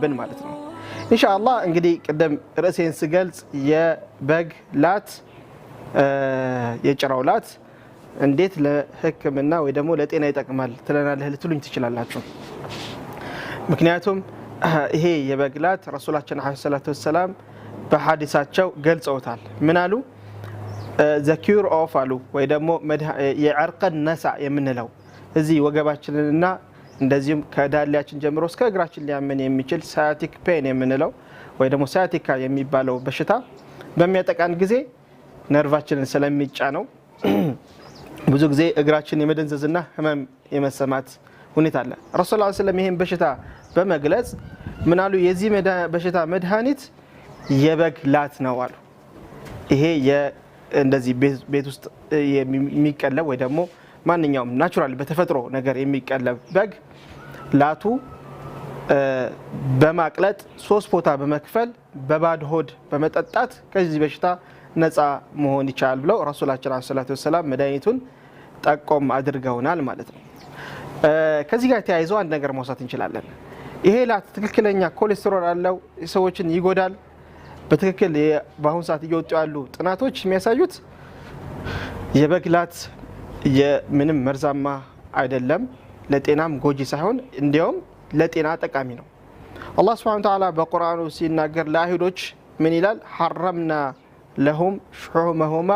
ብን ማለት ነው። ኢንሻአላህ እንግዲህ ቅደም ርዕሴን ስገልጽ የበግ ላት የጭራው ላት እንዴት ለሕክምና ወይ ደግሞ ለጤና ይጠቅማል ትለናለህ ልትሉኝ ትችላላችሁ። ምክንያቱም ይሄ የበግ ላት ረሱላችን ዓለይሂ ሰላቱ ወሰላም ገልጸውታል። ምን አሉ? ዘኪር ኦፍ አሉ ወይ ደግሞ የዕርቀን ነሳ የምንለው እዚህ ወገባችንንና እንደዚሁም ከዳሊያችን ጀምሮ እስከ እግራችን ሊያመን የሚችል ሳያቲክ ፔን የምንለው ወይ ደግሞ ሳያቲካ የሚባለው በሽታ በሚያጠቃን ጊዜ ነርቫችንን ስለሚጫ ነው ብዙ ጊዜ እግራችን የመደንዘዝና ህመም የመሰማት ሁኔታ አለ። ረሱል ስለም ይህን በሽታ በመግለጽ ምናሉ የዚህ በሽታ መድኃኒት የበግ ላት ነው አሉ። ይሄ እንደዚህ ቤት ውስጥ የሚቀለብ ወይ ደግሞ ማንኛውም ናቹራል በተፈጥሮ ነገር የሚቀለብ በግ ላቱ በማቅለጥ ሶስት ቦታ በመክፈል በባድ ሆድ በመጠጣት ከዚህ በሽታ ነፃ መሆን ይቻላል ብለው ረሱላችን ዐለይሂ ሰላቱ ወሰላም መድኃኒቱን ጠቆም አድርገውናል ማለት ነው። ከዚህ ጋር ተያይዞ አንድ ነገር ማውሳት እንችላለን። ይሄ ላት ትክክለኛ ኮሌስትሮል አለው፣ ሰዎችን ይጎዳል። በትክክል በአሁኑ ሰዓት እየወጡ ያሉ ጥናቶች የሚያሳዩት የበግ ላት የምንም መርዛማ አይደለም፣ ለጤናም ጎጂ ሳይሆን እንዲያውም ለጤና ጠቃሚ ነው። አላህ ስብሐነ ተዓላ በቁርአኑ ሲናገር ለአይሁዶች ምን ይላል? ሐረምና ለሁም ሹሑመሁማ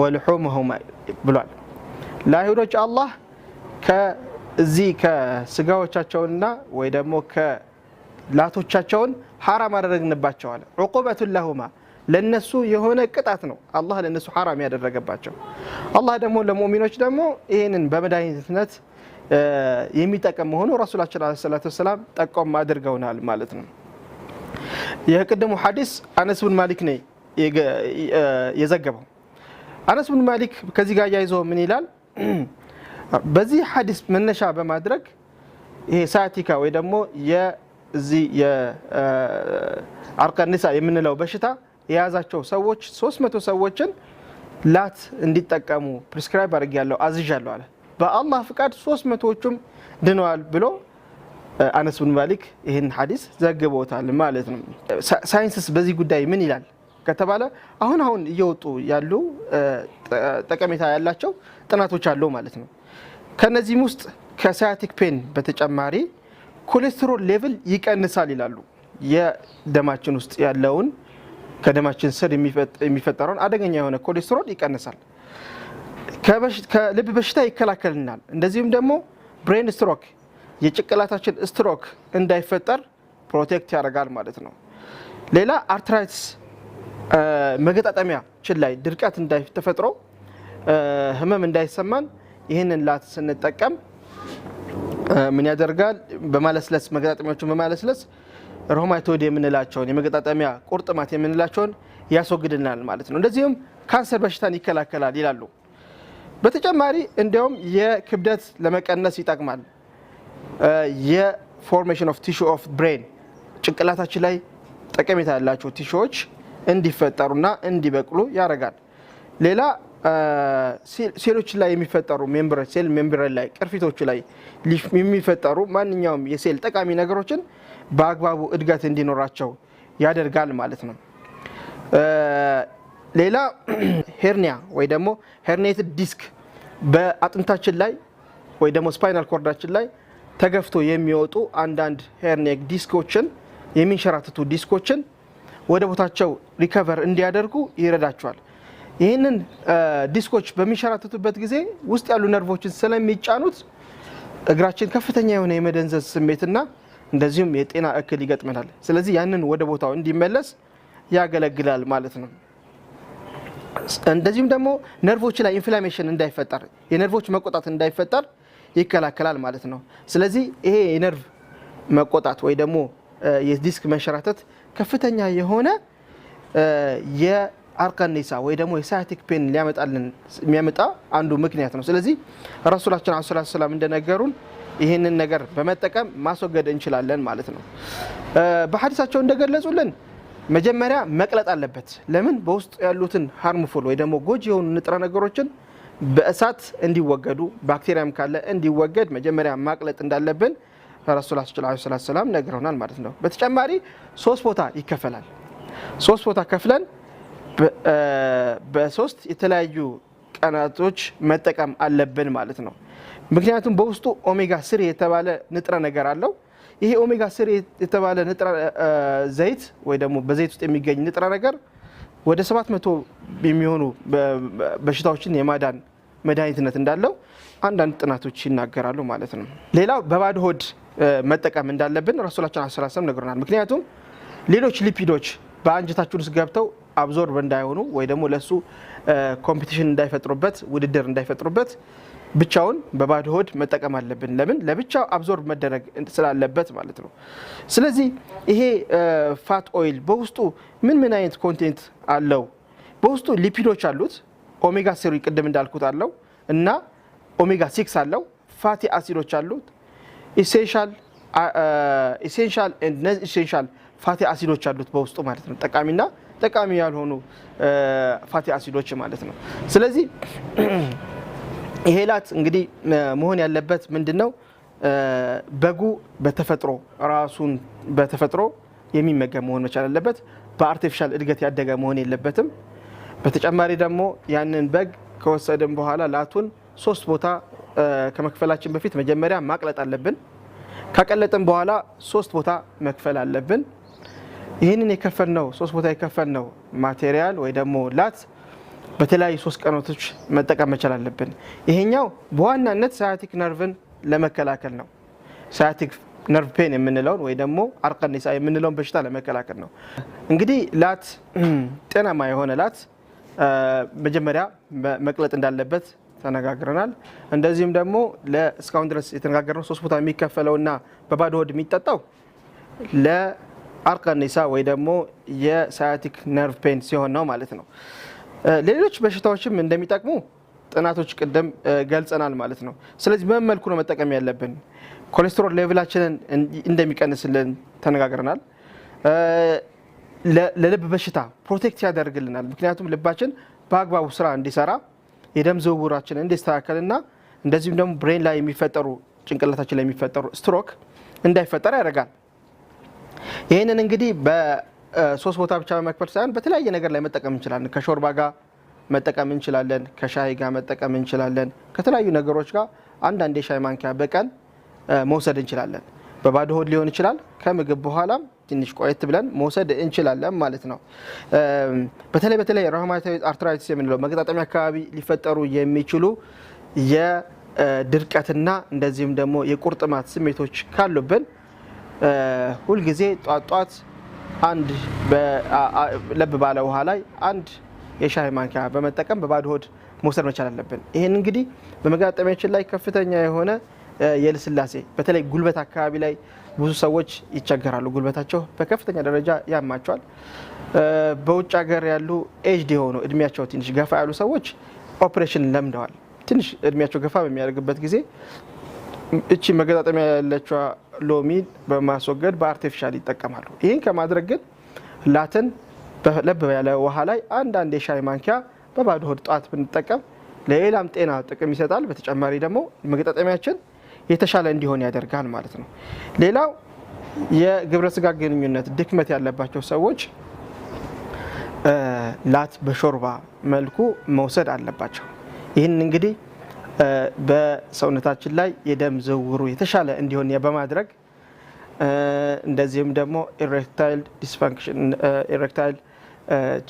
ወልሑመሁማ ብሏል። ለአይሁዶች አላህ ከዚህ ከስጋዎቻቸውንና ወይ ደግሞ ከላቶቻቸውን ሐራም አደረግንባቸዋል። ዑቁበቱን ለሁማ ለነሱ የሆነ ቅጣት ነው አላህ ለነሱ ሐራም ያደረገባቸው። አላህ ደግሞ ለሙእሚኖች ደግሞ ይህንን በመድኃኒትነት የሚጠቀም መሆኑ ረሱላችን ዓለይሂ ሰላቱ ወሰላም ጠቆም አድርገውናል ማለት ነው። የቅድሙ ሐዲስ አነስ ብን ማሊክ ነው የዘገበው። አነስ ብን ማሊክ ከዚህ ጋር ያይዞ ምን ይላል? በዚህ ሐዲስ መነሻ በማድረግ ይሄ ሳቲካ ወይ ደግሞ የዚህ የአርቀ ኒሳ የምንለው በሽታ የያዛቸው ሰዎች 300 ሰዎችን ላት እንዲጠቀሙ ፕሪስክራይብ አድርጌያለሁ አዝዣለሁ አለ። በአላህ ፍቃድ 300ዎቹም ድነዋል ብሎ አነስ ብን ማሊክ ይህን ሐዲስ ዘግበውታል ማለት ነው። ሳይንስስ በዚህ ጉዳይ ምን ይላል ከተባለ አሁን አሁን እየወጡ ያሉ ጠቀሜታ ያላቸው ጥናቶች አሉ ማለት ነው። ከነዚህም ውስጥ ከሳያቲክ ፔን በተጨማሪ ኮሌስትሮል ሌቭል ይቀንሳል ይላሉ። የደማችን ውስጥ ያለውን ከደማችን ስር የሚፈጠረውን አደገኛ የሆነ ኮሌስትሮል ይቀንሳል፣ ከልብ በሽታ ይከላከልናል። እንደዚሁም ደግሞ ብሬን ስትሮክ የጭቅላታችን ስትሮክ እንዳይፈጠር ፕሮቴክት ያደርጋል ማለት ነው። ሌላ አርትራይትስ ችን ላይ ድርቀት እንዳይተፈጥሮ ህመም እንዳይሰማን ይህንን ላት ስንጠቀም ምን ያደርጋል? በማለስለስ መገጣጠሚያዎቹን በማለስለስ ሮማቶይድ የምንላቸውን የመገጣጠሚያ ቁርጥማት የምንላቸውን ያስወግድናል ማለት ነው። እንደዚሁም ካንሰር በሽታን ይከላከላል ይላሉ። በተጨማሪ እንዲያውም የክብደት ለመቀነስ ይጠቅማል። የፎርሜሽን ኦፍ ቲሹ ኦፍ ብሬን ጭንቅላታችን ላይ ጠቀሜታ ያላቸው ቲሹዎች እንዲፈጠሩና እንዲበቅሉ ያደርጋል። ሌላ ሴሎች ላይ የሚፈጠሩ ሜምብረ ሴል ሜምብረ ላይ ቅርፊቶች ላይ የሚፈጠሩ ማንኛውም የሴል ጠቃሚ ነገሮችን በአግባቡ እድገት እንዲኖራቸው ያደርጋል ማለት ነው። ሌላ ሄርኒያ ወይ ደግሞ ሄርኔትድ ዲስክ በአጥንታችን ላይ ወይ ደግሞ ስፓይናል ኮርዳችን ላይ ተገፍቶ የሚወጡ አንዳንድ ሄርኔክ ዲስኮችን የሚንሸራትቱ ዲስኮችን ወደ ቦታቸው ሪከቨር እንዲያደርጉ ይረዳቸዋል። ይህንን ዲስኮች በሚንሸራተቱበት ጊዜ ውስጥ ያሉ ነርቮችን ስለሚጫኑት እግራችን ከፍተኛ የሆነ የመደንዘዝ ስሜትና እንደዚሁም የጤና እክል ይገጥመናል። ስለዚህ ያንን ወደ ቦታው እንዲመለስ ያገለግላል ማለት ነው። እንደዚሁም ደግሞ ነርቮች ላይ ኢንፍላሜሽን እንዳይፈጠር፣ የነርቮች መቆጣት እንዳይፈጠር ይከላከላል ማለት ነው። ስለዚህ ይሄ የነርቭ መቆጣት ወይ ደግሞ የዲስክ መንሸራተት ከፍተኛ የሆነ አርከኔሳ ወይ ደግሞ የሳያቲክ ፔን ሊያመጣልን የሚያመጣ አንዱ ምክንያት ነው። ስለዚህ ረሱላችን ዐለይሂ ሰላም እንደነገሩን ይህንን ነገር በመጠቀም ማስወገድ እንችላለን ማለት ነው። በሀዲሳቸው እንደገለጹልን መጀመሪያ መቅለጥ አለበት። ለምን በውስጡ ያሉትን ሃርሙፉል ወይ ደግሞ ጎጂ የሆኑ ንጥረ ነገሮችን በእሳት እንዲወገዱ፣ ባክቴሪያም ካለ እንዲወገድ መጀመሪያ ማቅለጥ እንዳለብን ረሱላችን ዐለይሂ ሰላም ነግረውናል ማለት ነው። በተጨማሪ ሶስት ቦታ ይከፈላል። ሶስት ቦታ ከፍለን በሶስት የተለያዩ ቀናቶች መጠቀም አለብን ማለት ነው። ምክንያቱም በውስጡ ኦሜጋ ስሪ የተባለ ንጥረ ነገር አለው። ይሄ ኦሜጋ ስሪ የተባለ ንጥረ ዘይት ወይ ደግሞ በዘይት ውስጥ የሚገኝ ንጥረ ነገር ወደ 700 የሚሆኑ በሽታዎችን የማዳን መድኃኒትነት እንዳለው አንዳንድ ጥናቶች ይናገራሉ ማለት ነው። ሌላው በባዶ ሆድ መጠቀም እንዳለብን ረሱላችን አሰላሰም ነግሮናል። ምክንያቱም ሌሎች ሊፒዶች በአንጀታችን ውስጥ ገብተው አብዞርብ እንዳይሆኑ ወይ ደግሞ ለሱ ኮምፒቲሽን እንዳይፈጥሩበት ውድድር እንዳይፈጥሩበት ብቻውን በባዶ ሆድ መጠቀም አለብን። ለምን ለብቻው አብዞርብ መደረግ ስላለበት ማለት ነው። ስለዚህ ይሄ ፋት ኦይል በውስጡ ምን ምን አይነት ኮንቴንት አለው? በውስጡ ሊፒዶች አሉት። ኦሜጋ ስሪ ቅድም እንዳልኩት አለው እና ኦሜጋ ሲክስ አለው። ፋቲ አሲዶች አሉት። ኢሴንሻል ኢሴንሻል ኢሴንሻል ፋቲ አሲዶች አሉት በውስጡ ማለት ነው ጠቃሚና ጠቃሚ ያልሆኑ ፋቲ አሲዶች ማለት ነው። ስለዚህ ይሄ ላት እንግዲህ መሆን ያለበት ምንድን ነው? በጉ በተፈጥሮ ራሱን በተፈጥሮ የሚመገብ መሆን መቻል አለበት። በአርቲፊሻል እድገት ያደገ መሆን የለበትም። በተጨማሪ ደግሞ ያንን በግ ከወሰድን በኋላ ላቱን ሶስት ቦታ ከመክፈላችን በፊት መጀመሪያ ማቅለጥ አለብን። ካቀለጥን በኋላ ሶስት ቦታ መክፈል አለብን። ይህንን የከፈልነው ሶስት ቦታ የከፈልነው ማቴሪያል ወይ ደግሞ ላት በተለያዩ ሶስት ቀኖቶች መጠቀም መቻል አለብን። ይሄኛው በዋናነት ሳያቲክ ነርቭን ለመከላከል ነው። ሳያቲክ ነርቭ ፔን የምንለውን ወይ ደግሞ አርቀኒሳ የምንለውን በሽታ ለመከላከል ነው። እንግዲህ ላት ጤናማ የሆነ ላት መጀመሪያ መቅለጥ እንዳለበት ተነጋግረናል። እንደዚሁም ደግሞ እስካሁን ድረስ የተነጋገርነው ሶስት ቦታ የሚከፈለውና በባዶ ሆድ የሚጠጣው አርቀኒሳ ወይ ደግሞ የሳያቲክ ነርቭ ፔን ሲሆን ነው ማለት ነው። ለሌሎች በሽታዎችም እንደሚጠቅሙ ጥናቶች ቅድም ገልጸናል ማለት ነው። ስለዚህ በምን መልኩ ነው መጠቀም ያለብን? ኮሌስትሮል ሌቭላችንን እንደሚቀንስልን ተነጋግረናል። ለልብ በሽታ ፕሮቴክት ያደርግልናል። ምክንያቱም ልባችን በአግባቡ ስራ እንዲሰራ የደም ዝውውራችን እንዲስተካከልና እንደዚሁም ደግሞ ብሬን ላይ የሚፈጠሩ ጭንቅላታችን ላይ የሚፈጠሩ ስትሮክ እንዳይፈጠር ያደርጋል። ይህንን እንግዲህ በሶስት ቦታ ብቻ በመክፈል ሳይሆን በተለያየ ነገር ላይ መጠቀም እንችላለን። ከሾርባ ጋር መጠቀም እንችላለን። ከሻይ ጋር መጠቀም እንችላለን። ከተለያዩ ነገሮች ጋር አንዳንድ የሻይ ማንኪያ በቀን መውሰድ እንችላለን። በባዶ ሆድ ሊሆን ይችላል። ከምግብ በኋላም ትንሽ ቆየት ብለን መውሰድ እንችላለን ማለት ነው። በተለይ በተለይ ራማታዊ አርትራይትስ የምንለው መገጣጠሚያ አካባቢ ሊፈጠሩ የሚችሉ የድርቀትና እንደዚሁም ደግሞ የቁርጥማት ስሜቶች ካሉብን ሁልጊዜ ጧት ጧት አንድ ለብ ባለ ውሃ ላይ አንድ የሻይ ማንኪያ በመጠቀም በባዶ ሆድ መውሰድ መቻል አለብን። ይህን እንግዲህ በመጋጠሚያችን ላይ ከፍተኛ የሆነ የልስላሴ በተለይ ጉልበት አካባቢ ላይ ብዙ ሰዎች ይቸገራሉ። ጉልበታቸው በከፍተኛ ደረጃ ያማቸዋል። በውጭ ሀገር ያሉ ኤጅድ የሆኑ እድሜያቸው ትንሽ ገፋ ያሉ ሰዎች ኦፕሬሽን ለምደዋል። ትንሽ እድሜያቸው ገፋ በሚያደርግበት ጊዜ እቺ መገጣጠሚያ ያለችዋ ሎሚን በማስወገድ በአርቲፊሻል ይጠቀማሉ። ይህን ከማድረግ ግን ላትን ለብ ያለ ውሃ ላይ አንዳንድ የሻይ ማንኪያ በባዶ ሆድ ጠዋት ብንጠቀም ለሌላም ጤና ጥቅም ይሰጣል። በተጨማሪ ደግሞ መገጣጠሚያችን የተሻለ እንዲሆን ያደርጋል ማለት ነው። ሌላው የግብረ ስጋ ግንኙነት ድክመት ያለባቸው ሰዎች ላት በሾርባ መልኩ መውሰድ አለባቸው። ይህን እንግዲህ በሰውነታችን ላይ የደም ዝውውሩ የተሻለ እንዲሆን በማድረግ እንደዚህም ደግሞ ኢሬክታይል ዲስፋንክሽን ኢሬክታይል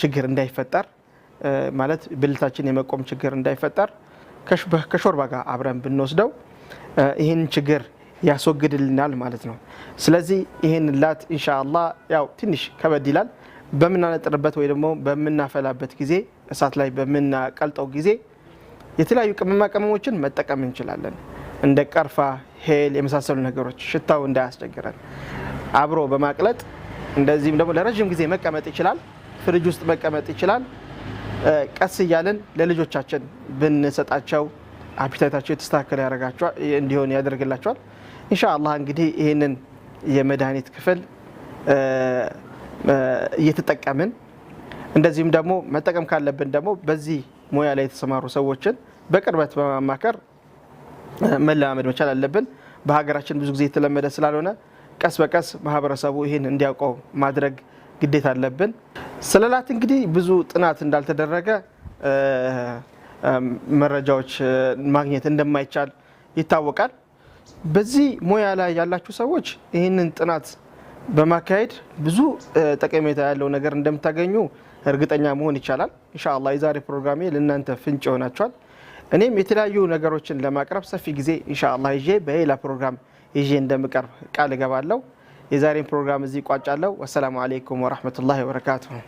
ችግር እንዳይፈጠር ማለት ብልታችን የመቆም ችግር እንዳይፈጠር ከሾርባ ጋር አብረን ብንወስደው ይህን ችግር ያስወግድልናል ማለት ነው። ስለዚህ ይህን ላት ኢንሻአላ ያው ትንሽ ከበድ ይላል። በምናነጥርበት ወይ ደግሞ በምናፈላበት ጊዜ እሳት ላይ በምናቀልጠው ጊዜ የተለያዩ ቅመማ ቅመሞችን መጠቀም እንችላለን። እንደ ቀርፋ፣ ሄል የመሳሰሉ ነገሮች ሽታው እንዳያስቸግረን አብሮ በማቅለጥ እንደዚህም ደግሞ ለረዥም ጊዜ መቀመጥ ይችላል። ፍሪጅ ውስጥ መቀመጥ ይችላል። ቀስ እያለን ለልጆቻችን ብንሰጣቸው አፒታይታቸው የተስተካከለ እንዲሆን ያደርግላቸዋል። እንሻ አላህ እንግዲህ ይህንን የመድኃኒት ክፍል እየተጠቀምን እንደዚሁም ደግሞ መጠቀም ካለብን ደግሞ በዚህ ሙያ ላይ የተሰማሩ ሰዎችን በቅርበት በማማከር መለማመድ መቻል አለብን። በሀገራችን ብዙ ጊዜ የተለመደ ስላልሆነ ቀስ በቀስ ማህበረሰቡ ይህን እንዲያውቀው ማድረግ ግዴታ አለብን። ስለ ላት እንግዲህ ብዙ ጥናት እንዳልተደረገ መረጃዎች ማግኘት እንደማይቻል ይታወቃል። በዚህ ሙያ ላይ ያላችሁ ሰዎች ይህንን ጥናት በማካሄድ ብዙ ጠቀሜታ ያለው ነገር እንደምታገኙ እርግጠኛ መሆን ይቻላል። ኢንሻአላህ የዛሬ ፕሮግራሜ ለእናንተ ፍንጭ ይሆናችኋል። እኔም የተለያዩ ነገሮችን ለማቅረብ ሰፊ ጊዜ ኢንሻአላህ ይዤ በሌላ ፕሮግራም ይዤ እንደምቀርብ ቃል እገባለሁ። የዛሬን ፕሮግራም እዚህ ቋጫለሁ። ወሰላሙ አሌይኩም ወረህመቱላሂ ወበረካቱሁ።